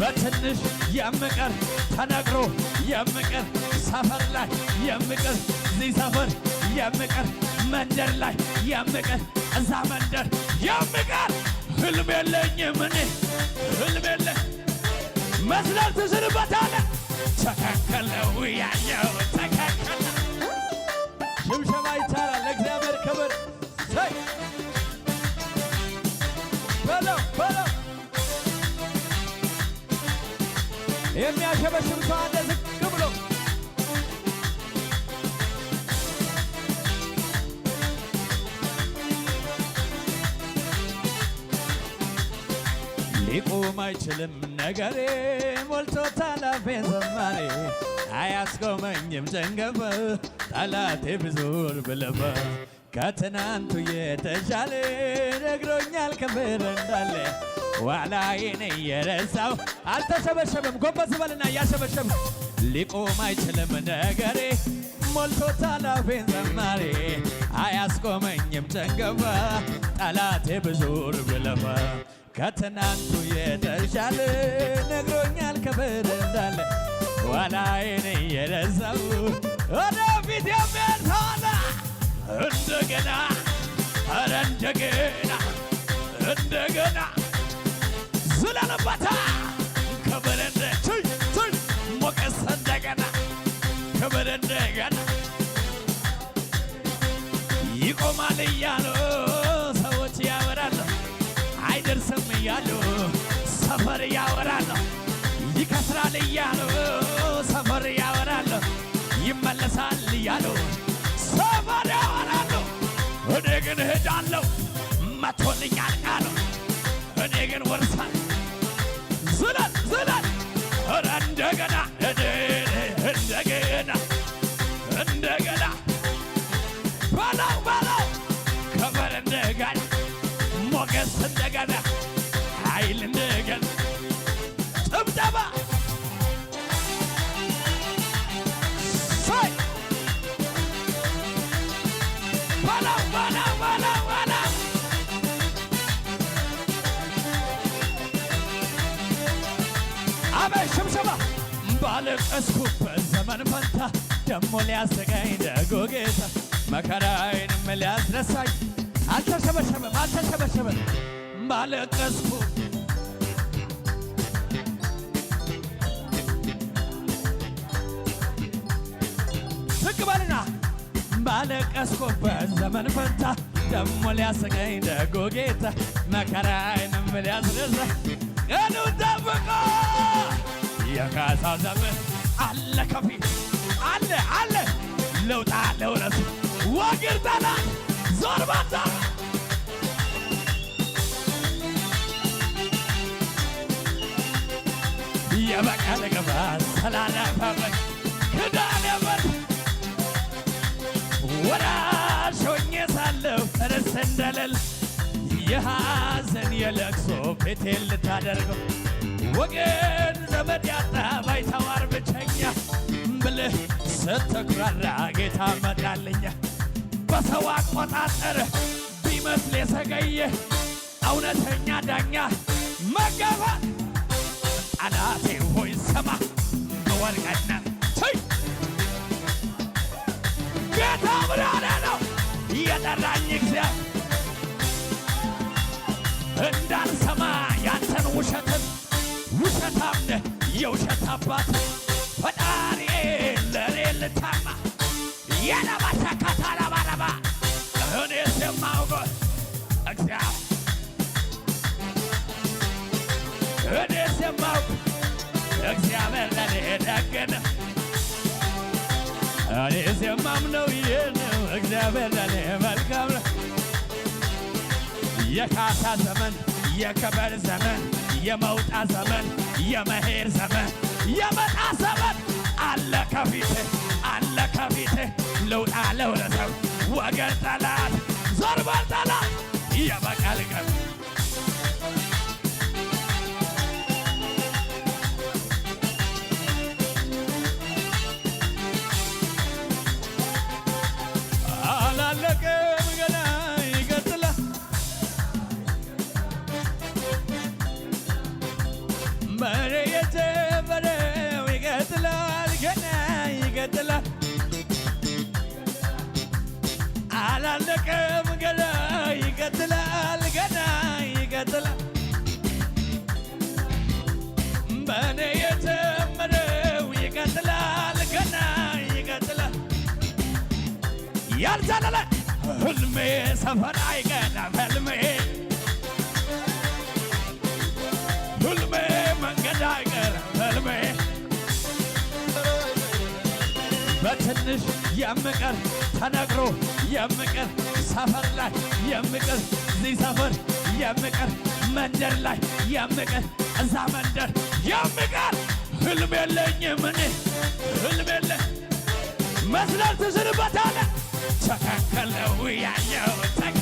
በትንሽ የምቀር ተነግሮ የምቀር ሰፈር ላይ የምቀር እዚህ ሰፈር የምቀር መንደር ላይ የምቀር እዛ መንደር የምቀር ህልም የለኝም እኔ ህልም የለ መዝለል ትዝንበታለ ተከከለው ያየውታ የሚያሸበሽብ ሰው አለ ዝቅ ብሎ ሊቆም አይችልም ነገሬ ሞልቶ ታላፌ ዘማሬ አያስቆመኝም ጨንገፈ ጠላቴ ብዙር ብለፈ ከትናንቱ የተሻለ ነግሮኛል ክብር እንዳለ ዋላዬን እየረሳው አልተሸበሸበም። ጎንበስ በልና እያሸበሸብ ሊቆም አይችልም ነገሬ ሞልቶታል አፌን ዘማሬ አያስቆመኝም ጨንገፋ ጠላቴ ብዙር ብለፋ ከትናንቱ የተሻለ ነግሮኛል ከበድ እንዳለ ዋላዬን እየረሳው ወደፊት የሚያታላ እንደገና ኧረ እንደገና እንደገና ስላለበታ ክብር እንደገና ሞገስ እንደገና ክብር እንደገና ይቆማል እያሉ ሰዎች ያወራሉ፣ አይደርስም እያሉ ሰፈር ያወራሉ፣ ይከስራል እያሉ ሰፈር ያወራሉ፣ ይመለሳል እያሉ ሰፈር ያወራሉ። እኔ ግን እሄዳለሁ መቶልኛል ቃሉ በለው በለው ከበር እንደገና ሞገስ እንደገና ኃይል እንደገና ድብደባ በለው በለው በለው በለው ባለቀስኩበት ዘመን ፈንታ ደሞ ሊያሰቃኝ ደጎ ጌታ መከራዬንም ሊያስረሳኝ አልተሸበሸበም አልተሸበሸበም ባለቀስኩ ስቅበልና ባለቀስኩበት ዘመን ፈንታ ደሞ ሊያስቀኝ ደጎ ጌታ መከራዬንም ሊያስረሳኝ ቀኑ ጠብቆ የካሳ ዘመን አለ ከፊት አለ አለ ለውጣ ለውለሱ ዋግርተና ዞርባታ የበቀል ቅባት ስላለፈበት ክዳን የበት ወራሽ ሆኜ ሳለሁ ርስ እንደልል የሐዘን የለቅሶ ቤቴን ልታደርገው ወገን ዘመድ ያጣ ባይተዋር ብቸኛ ብልህ ስትኩራራ ጌታ መጣልኛ በሰው አቆጣጠር ቢመስል የሰገየ እውነተኛ ዳኛ መገባ ጠላቴ ሆይ ስማ መወርቀነ ጌታ ብርሃኔ ነው የጠራኝ እግዚአብሔር እንዳልሰማ ያንተን ውሸትን ውሸታምነ የውሸት አባት ፈጣሪ ለእኔ ልታማ የለባሻ እኔ ሰማሁ እግዚአብሔር ለኔ እኔ እግዚአብሔር ለኔ መልካም ነው። የካሳ ዘመን፣ የከበል ዘመን፣ የመውጣ ዘመን፣ የመሄድ ዘመን፣ የመጣ ዘመን አለ አለ ከፊቴ ልውጣ ወገን ጠላት ዞር በል ጠላት Alejandro. ያልዘለለ ህልሜ ሰፈር አይቀርም ህልሜ ህልሜ መንገድ አይቀርም ህልሜ በትንሽ የምቀር ተነግሮ የምቀር ሰፈር ላይ የምቀር እዚህ ሰፈር የምቀር መንደር ላይ የምቀር እዛ መንደር የምቀር ህልም የለኝም እኔ ህልም የለ መስለል ትስርበታለህ Hallelujah.